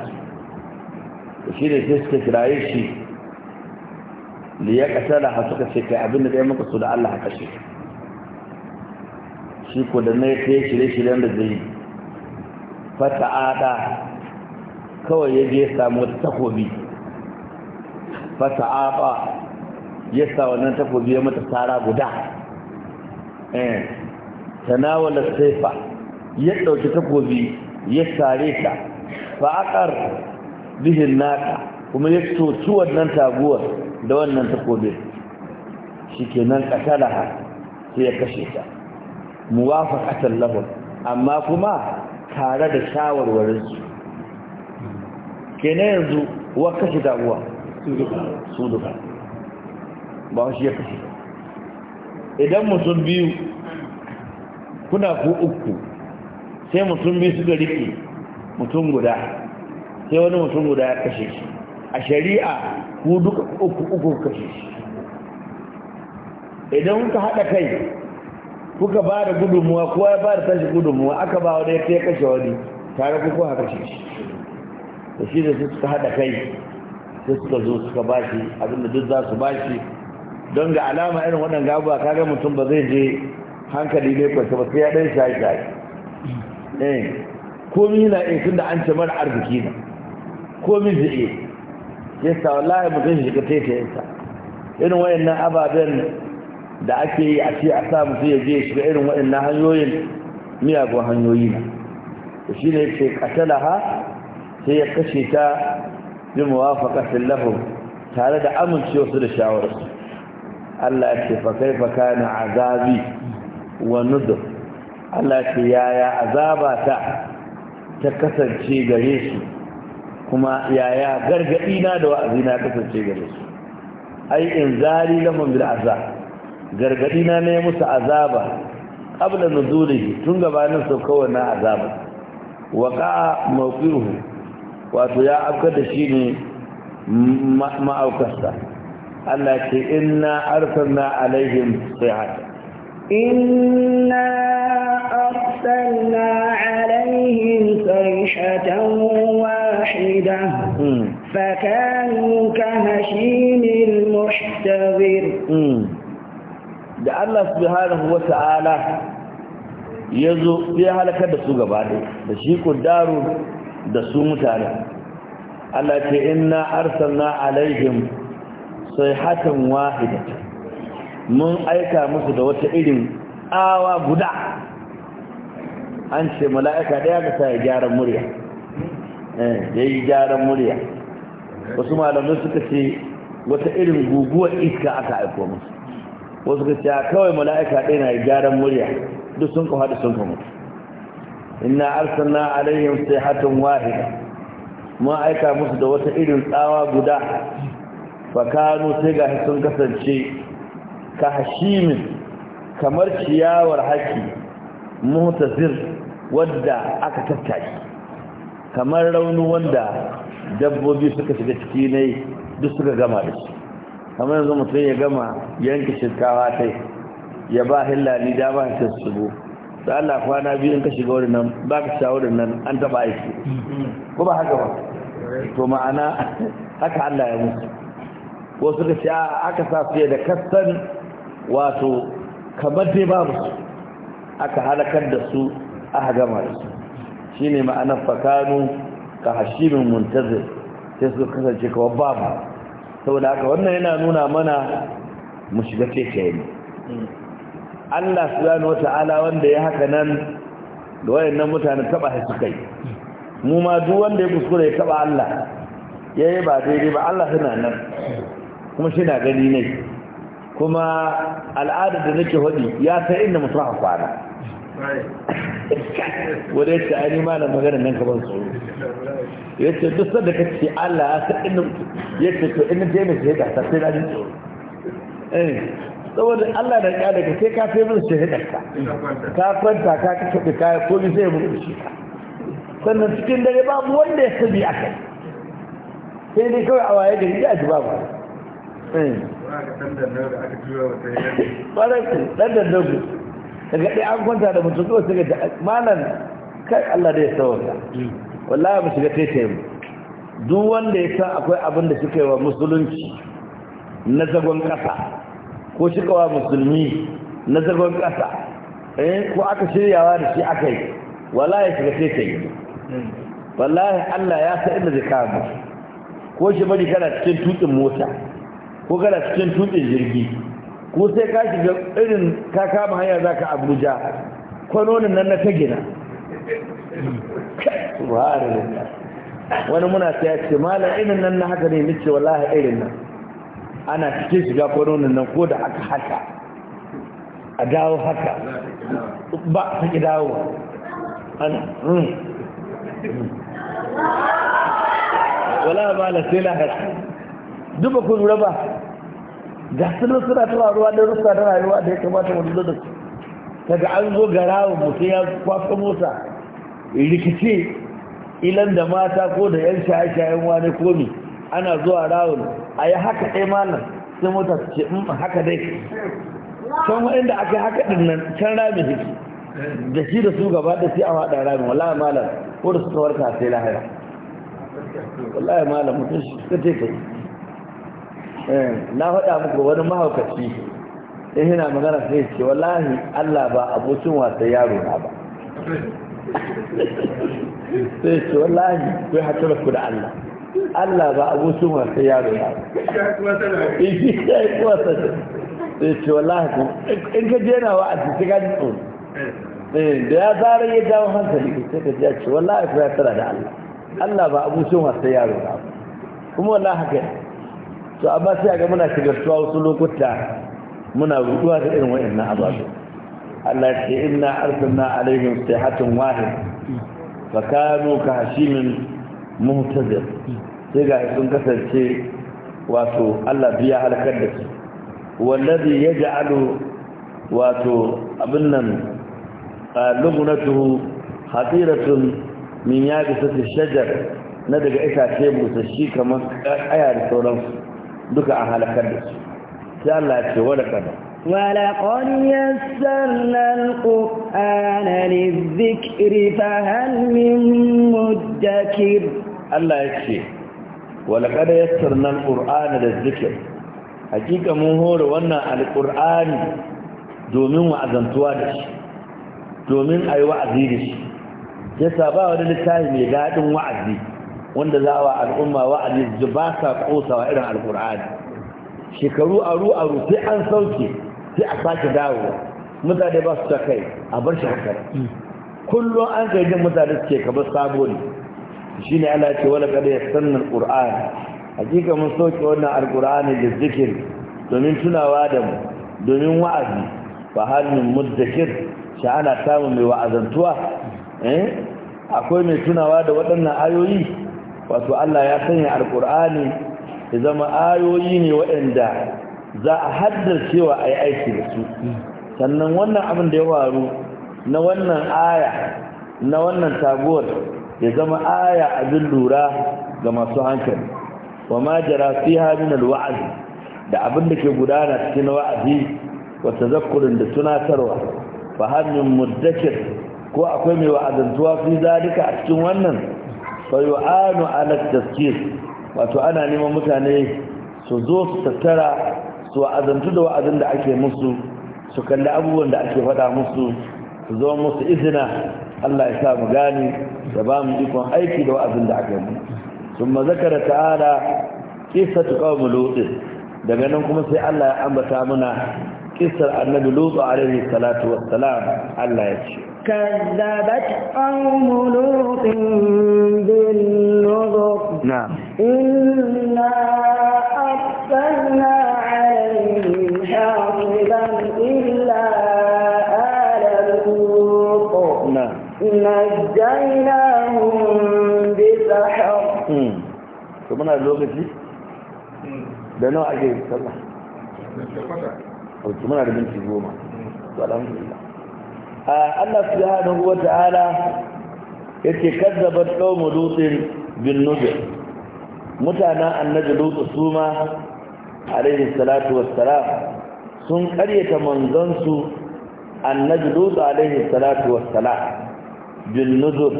shi ne sai suka kiraye shi da ya da ha suka ce kai abin da ɗaya maka su da Allah haka shi shi ko da na ya kai shirye-shiryen da zai fata ada kawai ya je ya samu wata takobi fata aba ya sa wannan takobi ya mata tara guda eh tanawala saifa ya dauki takobi ya sare ta fa'aqar bihin naka kuma ya coci wannan taguwar da wannan takobe shi ke nan ƙasalaha sai ya kashe ta ƙasar lahun amma kuma tare da shawarwarinsu ke na yanzu wa kashe taguwa su duka ba shi ya kashe idan mutum biyu kuna ku uku sai mutum biyu suka rike mutum guda sai wani mutum guda ya kashe shi a shari'a ku duka uku uku kashe idan kuka haɗa kai kuka ba da gudunmuwa kowa ya ba da tashi gudunmuwa aka ba wani ya kashe wani tare kuka haka kashe shi da shi da suka haɗa kai sai suka zo suka ba shi abinda duk za su ba shi don ga alama irin waɗanda ka kaga mutum ba zai je hankali ne kwanta ba sai ya ɗan shayi shayi eh, komi na in tun da an ce mara arziki na komi zai iya yasa wallahi mutum shi shiga tete yasa irin wayannan ababen da ake yi a ce a sa mutum ya je shiga irin wayannan hanyoyin miyagun hanyoyi na da shi ne ce katalaha sai ya kashe ta bi muwafaqatin lahum tare da amincewa su da shawararsu Allah ya ce fa kaifa kana azabi wa nudur Allah ya ce yaya azabata ta kasance gare su kuma yaya gargadi na da wa'azi na kasance gare su ai in zari lahum bil azab gargadi na ne musu azaba qabla nuzulihi tun gabanin kawai na azaba waqa mawqiruhu wato ya afkar da shi ne ma'aukarsa Allah ce inna arsalna alaihim sayhata inna فكانوا كهشيم المحتضر da Allah subhanahu wa ta'ala ya zo ya halakar da su gaba da shi daru da su mutane Allah ce inna arsalna alaihim sayhatan wahidatan mun aika musu da wata irin awa guda an ce mala'ika daya ga sa ya gyara murya eh yayi gyaran murya wasu malamai suka ce wata irin guguwar iska aka aiko musu wasu ka ce kawai mala'ika ɗaya na gyaran murya duk sun kawo da sun kamu inna arsalna sai hatin wahida mun aika musu da wata irin tsawa guda fakanu sai ga sun kasance ka hashimin kamar ciyawar haki muhtazir wadda aka tattaki kamar raunin wanda dabbobi suka shiga ciki ne duk suka gama da shi amma yanzu mutum ya gama yanke shinkawa ta ya ba hillani dama ta shigo da Allah kwana biyu in ka shiga wurin nan ba ka shawo wurin nan an taba aiki ko ba haka ba to ma'ana haka Allah ya mutu ko suka ce aka sa su da kasan wato kamar dai babu su aka halakar da su aka gama da su shine ma'anar fakanu ka hashimin muntazir sai su kasance kawai babu saboda haka wannan yana nuna mana mu shiga teke ne Allah subhanahu Ta'ala wanda ya haka nan da wayannan mutane taba shi suka yi mu ma duk wanda ya kuskure ya taba Allah yayi ba daidai ba Allah yana nan kuma shi na gani ne kuma al'adar da nake hadi ya sai inda mutum kwana wadda yace ai nima na magana nan ka ban tsoro yace duk da ka ce Allah ya san inda yace to inda ta sai na tsoro eh, saboda Allah da ya daga sai ka sai mun shahadar ka ka kwanta ka ka tafi kaya ko bi mun shi sannan cikin dare babu wanda ya sabi akai sai dai kawai a waye gari da ji babu eh. ba aka wata ba daga ɗaya an kwanta da mutum zuwa suka ta malam kai Allah da ya sauka wallahi su shiga taitaye mu duk wanda ya san akwai abin da suka yi wa musulunci na zagon ƙasa ko suka wa musulmi na zagon ƙasa eh ko aka shiryawa da shi aka yi wallahi shiga taitaye yi wallahi Allah ya sa inda zai kama ko shi bari kana cikin tutin mota ko kana cikin tutin jirgi ko sai ka shiga irin ka kama hanyar za ka abuja kwanonin nan na ta gina wani muna sai ya ce malam irin nan na haka ne nace wallahi irin nan ana cikin shiga kwanonin nan ko da aka haka a dawo haka ba ta ki dawo ana hmm. wala malam sai lahar duba kun raba ga suna suna tana ruwa da rusa da rayuwa da ya kamata wani zo da su daga an zo ga rawun mutum ya kwafa mota rikice ilan da mata ko da yan shaye-shayen wani komi ana zuwa rawun a yi haka ɗaya malam sai mota su ce mm, haka dai can da aka yi haka ɗin nan can rami hiki da shi da su gaba da sai a haɗa rami wallahi malam ko da suka warka sai lahira wallahi malam mutum shi suka ce yi. Eh, na faɗa muku wani mahaukaci in yana magana sai ce wallahi Allah ba abokin wasan yaro na ba sai ce wallahi kai hatar ku da Allah Allah ba abokin wasan yaro na ba eh, shi ya yi kuwasa sace sai ce wallahi ku in ka je na wa'azi sai ka ji tsoro eh, da ya zara ya dawo hankali ku sai ka ji ce wallahi ku ya tara da Allah Allah ba abokin wasan yaro na ba kuma wallahi haka to amma sai ga muna shigartuwa wasu lokuta muna rutuwa da irin wa'annan ababe Allah ce inna arsalna alaihim sayhatun wahid fa kanu ka hashimin muhtazir sai ga sun kasance wato Allah biya halakar da su wallazi yaj'alu wato abin nan lugunatuhu hatiratun min yaqisati shajar na daga itace busashi kamar kaya da sauransu duka a halakar da su sai Allah ya ce wala kada ولقد يسرنا القرآن للذكر فهل من مدكر الله يكفي ولقد يسرنا القرآن للذكر hakika mun hore wannan alƙur'ani domin wa'azantuwa da shi domin a yi wa'azi da shi ya wani littafi mai daɗin wa'azi wanda za a wa al'umma wa'azi su ba sa ƙosawa irin alkur'ani shekaru aru aru sai an sauke sai a sake dawo mutane ba su ta kai a bar shi hankali mm. kullum an kai jin mutane suke kamar sabo ne shi ne ala ce wani kada ya sannan alkur'ani hakika mun sauke wannan alkur'ani da zikir domin tunawa da mu domin wa'azi Ba hannun muddakir shi ana samun mai wa'azantuwa eh? akwai mai tunawa da waɗannan ayoyi wato Allah ya sanya alkur'ani ya zama ayoyi ne waɗanda za a haddar cewa a yi aiki da su sannan wannan abin da ya faru na wannan aya na wannan taguwar ya zama aya a bin lura ga masu hankali wa ma jara fiha min alwa'd da abin da ke gudana cikin wa'azi wa tazakkurin da tunatarwa fa hannun muddakir ko akwai mai wa'azantuwa fi zalika a cikin wannan fayu'anu ala tazkir wato ana neman mutane su zo su tattara su azantu da wa'azin da ake musu su kalli abubuwan da ake faɗa musu su zo musu izina Allah ya sa mu gani da ba mu ikon aiki da wa'azin da aka yi thumma zakara ta'ala qissatu qaum lut daga nan kuma sai Allah ya ambata mana kisar النبي لوط عليه الصلاة والسلام Allah ya كذبت قوم لوط بالنظر نعم إنا أرسلنا عليهم حاصبا إلا آل لوط نعم نجيناهم بسحر ثم أنا لوقتي ده نوع عجيب صلح ɗauki muna da minti goma to alhamdulillah Allah subhanahu wa ta'ala yace kazzabat qaumu dutsen bin nuzur mutanen annabi lutu suma alaihi salatu wassalam sun karyata manzansu annabi lutu alaihi salatu wassalam bin nuzur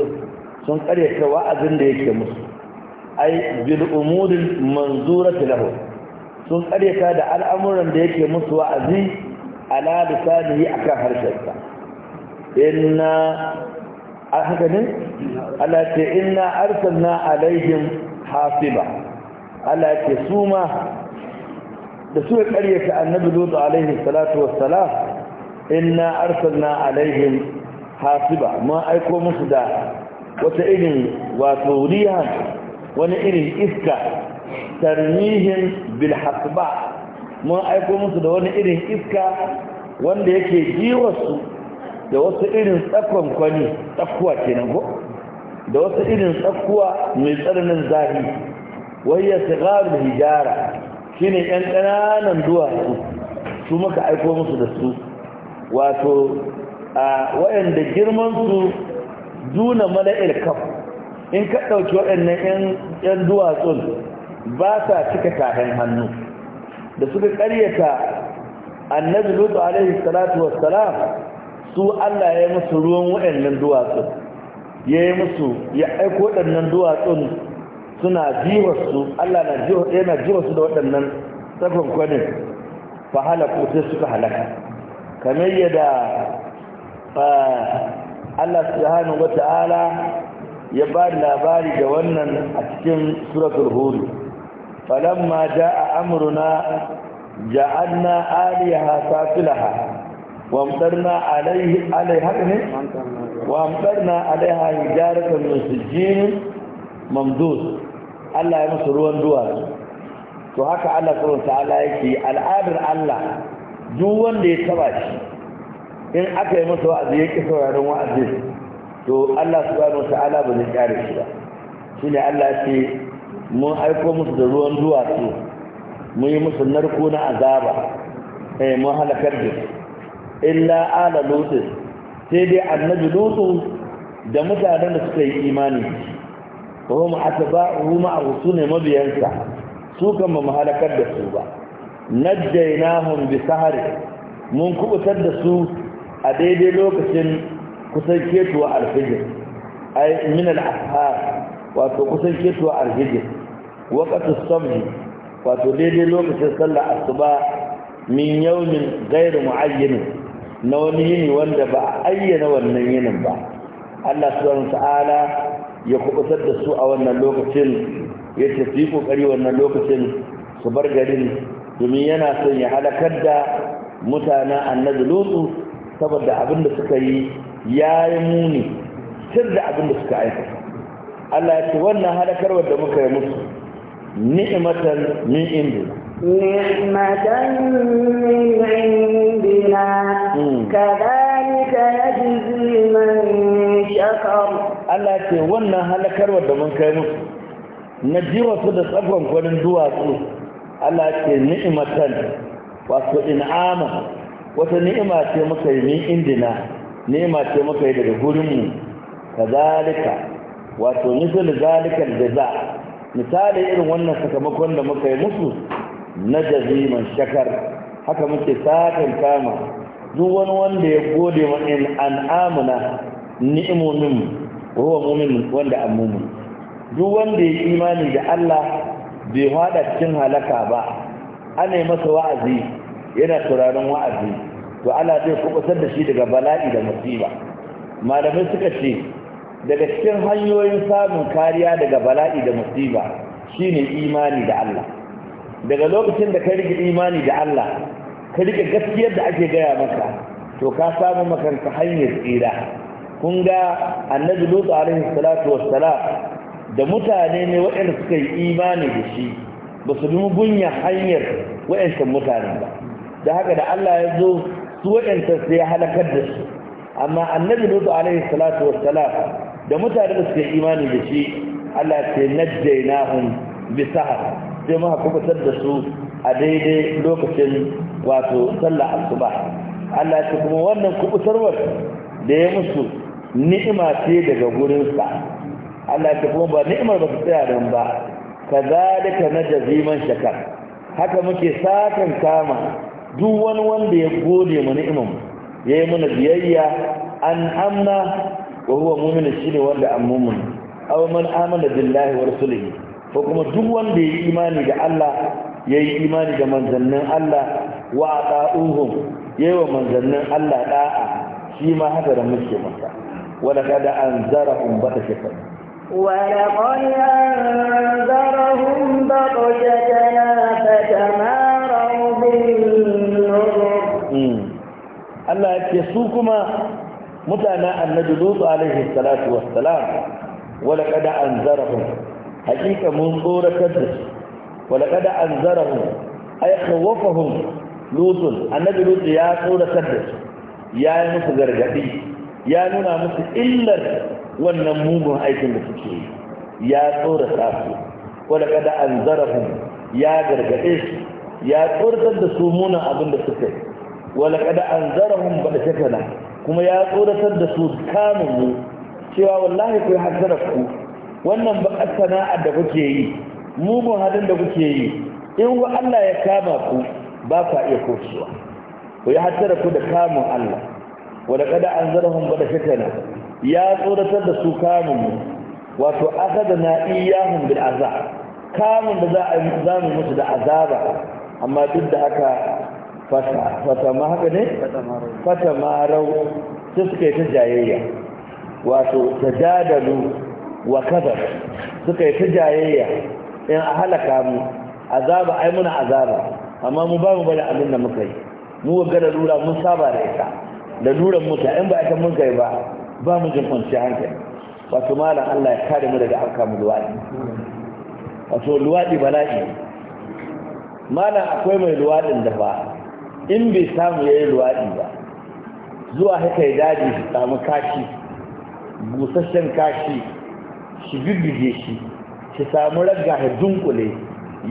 sun karyata wa'azin da yake musu ai bil umuril manzurati lahu sun karyata da al'amuran da yake musu wa'azi ala a kan harshensa inna haka ne Allah ce inna arsalna alaihim hasiba Allah ce su ma da suka karyata annabi lutu alaihi salatu wassalam inna arsalna alaihim hasiba mun aiko musu da wata irin wato riya wani irin iska tarmihin bil hasba mun aiko musu da wani irin iska wanda yake jiwarsu da wasu irin tsakon kwani tsakuwa kenan ko da wasu irin tsakuwa mai tsananin zafi wayya sigarul hijara shine yan ƙananan duwatsu su muka aiko musu da su wato a waɗanda su duna mala'ikaf in ka ɗauki waɗannan 'yan duwatsun ba sa cika tafin hannu da suka karyata annabi lutu alaihi salatu wassalam su Allah ya yi musu ruwan waɗannan duwatsun ya yi musu ya aiko waɗannan duwatsun suna jiwarsu Allah yana jiwarsu da waɗannan tsakon kwanin fahalaku sai suka halaka kamar yadda Allah subhanahu wata'ala ya ba labari da wannan a cikin suratul hud falamma jaa amruna ja'alna aliyaha safilaha وامطرنا عليه عليها وامطرنا عليها حجارة من سجين ممدود ya يمس ruwan duwatsu, to haka Allah subhanahu ta'ala yake al'adar Allah duk wanda ya taba shi in aka yi masa wa'azi ya ki sauraron wa'azi to Allah subhanahu ta'ala ba zai kare shi ba shi ne Allah ya ce mun aiko musu da ruwan duwatsu mun yi musu narko na azaba eh mun halakar da illa ala lutin sai dai annabi lutu da mutanen da suka yi imani ba mu Huma ma ne mabiyansa su kan mu halakar da su ba najjaynahum bi sahari mun kubutar da su a daidai lokacin kusan ketuwa alfijir ai min al-ashar wato kusan ketuwa alfijir waqtu sabhi wato daidai lokacin sallar asuba min yawmin ghairu muayyin na wani yini wanda ba a ayyana wannan yinin ba Allah subhanahu ta'ala ya kubutar da su a wannan lokacin ya tafi kokari wannan lokacin su bar garin domin yana son ya halakar da mutana annabi lutu saboda abin da suka yi ya muni sir da abin da suka aikata Allah ya ce wannan halakarwar da muka yi musu ni'matan min indina ni'matan min indina hmm. kadhalika yajzi man shakar Allah ce wannan halakarwa da mun kai musu na jiwa su da tsakon kwanin duwatsu Allah ce ni'matan wato in'ama wata ni'ima ce muka yi min indina ni'ima ce muka yi daga gurinmu kadhalika wato misal zalika da za misali irin wannan sakamakon da muka yi musu na jaziman shakar haka muke sakan kama duk wani wanda ya gode wa in an'amuna ni'imomin ruwa mumin wanda an mumu duk wanda ya imani da Allah bai hada cikin halaka ba ana yi masa wa'azi yana turaren wa'azi to Allah zai kubutar da shi daga bala'i da musiba malamai suka ce daga cikin hanyoyin samun kariya daga bala'i da musiba shine imani da Allah daga lokacin da ka rike imani da Allah ka rike gaskiyar da ake gaya maka to ka samu makanka hanyar tsira kun ga annabi lutu alaihi salatu wassalam da mutane ne waɗanda suka yi imani da shi ba su bi gunya hanyar waɗancan mutane ba da haka da Allah ya zo su waɗancan sai ya halakar da su amma annabi lutu alaihi salatu wassalam da mutane da suke imani da shi Allah ce najjaynahum bi sahar sai muka kubutar da su a daidai lokacin wato sallar asuba Allah ce kuma wannan kubutarwar da ya musu ni'ima ce daga sa Allah ce kuma ba ni'imar ba su tsaya nan ba kazalika najzi man shakar haka muke sakan kama duk wani wanda ya gode mu ni'imar yayi mana biyayya an amna wa huwa shi ne wanda an mu'min aw man amana billahi wa rasulihi ko kuma duk wanda yayi imani da Allah ya yi imani da manzannin Allah wa ya yi wa manzannin Allah ɗa'a shi ma haka da muke masa wala kada anzarahum batashatan ولقد أنذرهم بطشتنا فتماروا بالنذر Allah ya ce su kuma mutanen annabi lutu alaihi salatu wassalam wala kada an zarahun hakika mun tsoratar da su wala kada an zarahun ai khawafahum lutun annabi lutu ya tsoratar da su ya yi musu gargadi ya nuna musu illar wannan mugun aikin da suke yi ya tsorata su wala kada an zarahun ya gargade su ya tsoratar da su munan abin da suke wala kada an zarahun ba da shakala kuma ya tsoratar da su kamun ne cewa wallahi ku hasara ku wannan ba sana'a da kuke yi mugun hadin da kuke yi in wa Allah ya kama ku ba ka iya kocewa ku yi hasara ku da kamun Allah wa da kada an zara ba da fitana ya tsoratar da su kamun mu wato akada na iyahun bil azab kamun da za a yi musu da azaba amma duk da haka fata fata ma haka ne fata marau su suka yi ta jayayya wato ta jadalu wa kadar suka yi ta jayayya in a halaka mu azaba ai muna azaba amma mu ba mu bari abin da muka yi mu ga da lura mun saba da ita da luran muta in ba ita mun kai ba ba mu jin kwanciyar hankali wato malam Allah ya kare mu daga alka mu luwadi wato luwadi bala'i malam akwai mai luwadin da ba in bai samu ya yi luwaɗi ba zuwa haka ya daji shi samu kashi busasshen kashi shi bibbige shi shi samu ragga ya dunkule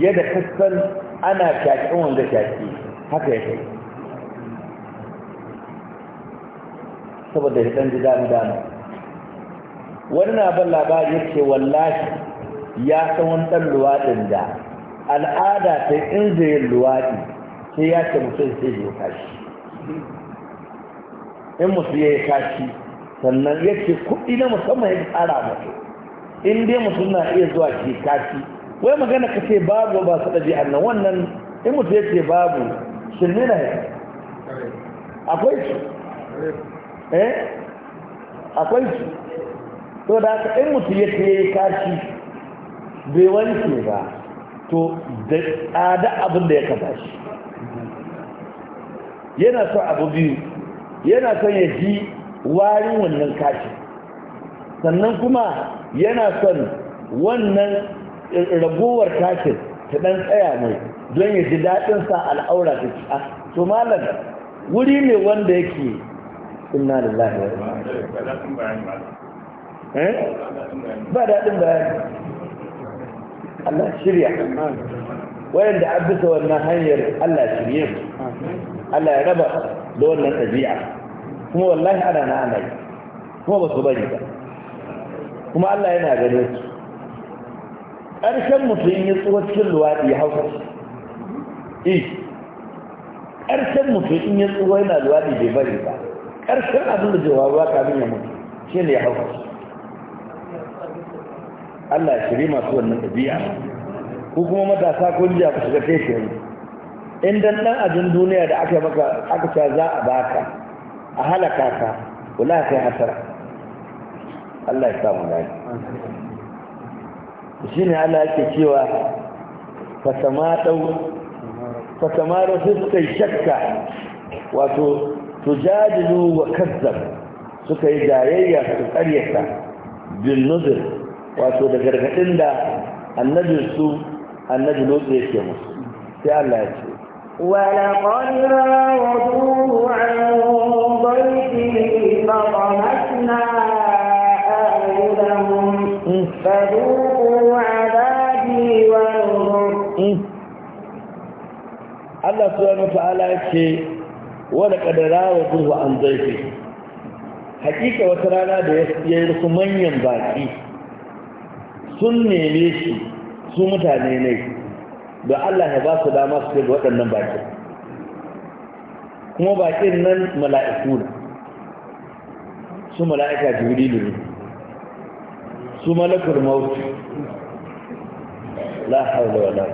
yadda kasan ana kyakin wanda kyaki haka ya kai saboda ya ɗan ji damu wani na ban labari ya ce wallahi ya san wani ɗan luwaɗin da al'ada ta in zai luwaɗi sai ya ce mutum sai ya kashi in mutum ya yi kashi sannan ya ce kuɗi na musamman ya tsara mutum in dai mutum na iya zuwa ke kashi wai magana ka ce babu ba su ɗabi'ar nan wannan in mutum ya ce babu shirme na akwai su eh akwai su to da haka in mutum ya ce kashi bai wanke ba to da tsada abin da ya kasa shi yana son abu biyu yana son ya ji warin wannan kashi sannan kuma yana son wannan ragowar kashin ta ɗan tsaya mai don ya ji daɗinsa al'aura ta ci ah, to malam wuri ne wanda yake inna lillahi wa eh? ba daɗin bayani Allah shirya wayanda an bisa wannan hanyar Allah shirye su Allah ya raba da wannan tabi'a kuma wallahi ana na ana kuma ba su bari ba kuma Allah yana ganin su ƙarshen mutum ya tsuwa cikin luwaɗi ya hauka eh ƙarshen mutum in ya tsuwa yana luwaɗi bai bari ba ƙarshen abin da ba kamin ya mutu shi ne ya hauka Allah ya shiri masu wannan ɗabi'a ko kuma matasa ko jiya ku shiga kai in dan dan ajin duniya da aka maka aka ce za a baka a halaka ka wala kai hasara Allah ya sa mu gani shine Allah yake cewa fa samadau fa samaru suka shakka wato tujadilu wa kazzab suka yi jayayya su karyata bin nuzur wato da gargadin da annabinsu annabi lutsu yake musu sai Allah ya ce ولقد راودوه عن ضيفه فطمسنا أعينهم فذوقوا عذابي Allah wa ta'ala yake wala kadara duhu an hakika wata rana da ya yi manyan baki sun neme shi su mutane ne da Allah ya ba su dama su ce da waɗannan baƙi kuma baƙin nan mala'iku ne su mala'ika jibrilu ne su malakul maut la hawla wala quwwata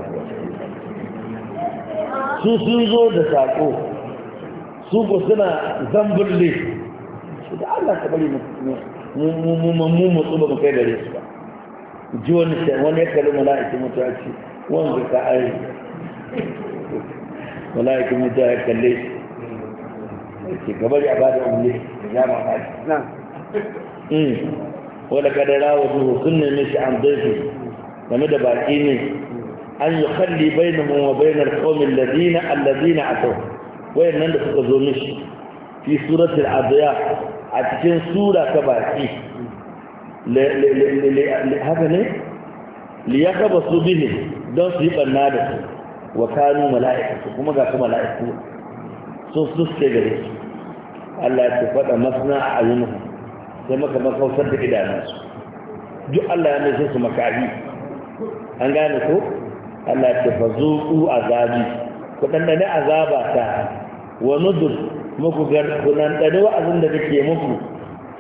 su sun zo da sako su ko suna zambulle da Allah ka bari mu mu mu mu mu mu mu kai mu su ji wani wani ya kalli mala'ikin mutuwa ce wanda ka ayi mala'ikin mutuwa ya kalle shi ke gabar da ba da umarni da ya mamaki na hmm. wadda kadara wa duhu sun nemi shi an zurfi game da baki ne an yi kalli bainahu wa bainar qaumin ladina alladina wayan nan da suka zo mishi fi suratul adiya a cikin sura ta baki haka ne liyaka ba su bihin don su yi ɓanna da su wa kanu mala'ikatu kuma ga su mala'iku sun suske gare su Allah ya ce faɗa masana a ayyunan sai maka makausar da idanunsu duk Allah ya mai su makari an gane ko Allah ya ce fa zuku azabi ku dandane azaba ta wa nudur muku gar ku dandane wa'azin da nake muku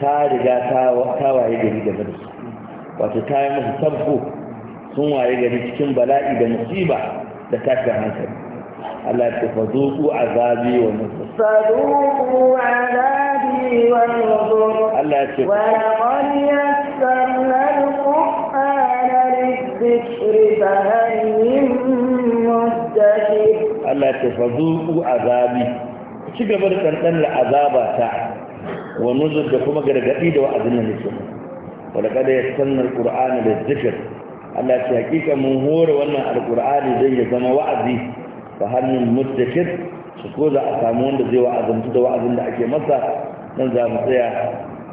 ta riga ta waye gari da su wato ta yi musu sabko sun waye gari cikin bala'i da musiba da tashin hankali Allah ya fa zuku azabi wa nuzur saduku azabi wa nuzur Allah ya ce wa laqad yassarna al-qur'ana lidh-dhikri fa hal min muddakir Allah ya ce fa zuku azabi ci gaba da kankan azaba ta wa nuzur da kuma gargadi da wa'azin nan nake wa laqad yasanna alqur'ana lidhikr Allah ya hakika mun hore wannan alqur'ani zai zama wa'azi fa hannun muddakir su ko za a samu wanda zai wa'azantu da wa'azin da ake masa nan za mu tsaya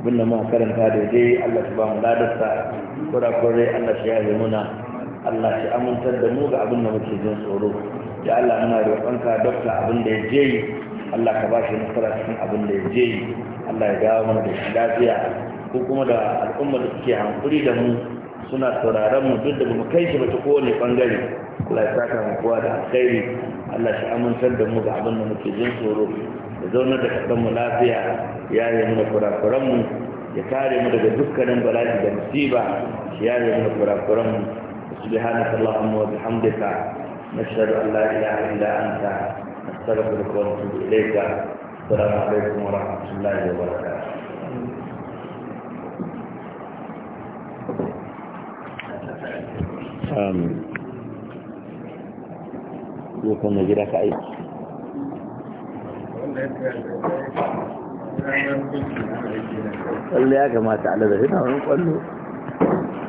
bin da muka karanta da dai Allah ya ba mu kura kurakurai Allah ya yi muna Allah ya amintar da mu ga abin da muke jin tsoro ya Allah muna roƙonka dokta abin da ya je Allah ka ba shi nasara cikin abin da ya je yi Allah ya dawo mana da shi lafiya ko kuma da al'umma da suke hankuri da mu suna sauraron mu duk da mu kai shi ba ta kowane bangare Allah ya saka mu kowa da alkhairi Allah shi amintar da mu ga abin da muke jin tsoro da zaunar da kasan mu lafiya ya yi mana kurakuran mu ya kare mu daga dukkanin bala'i da musiba shi ya yi mana kurakuran mu subhanaka allahumma wa bihamdika nashhadu an la ilaha illa anta أستغفرك وأتوب إليك السلام عليكم ورحمة الله وبركاته آمين يكون نجرك أيضا قال لي يا جماعة على ذهنا ونقول له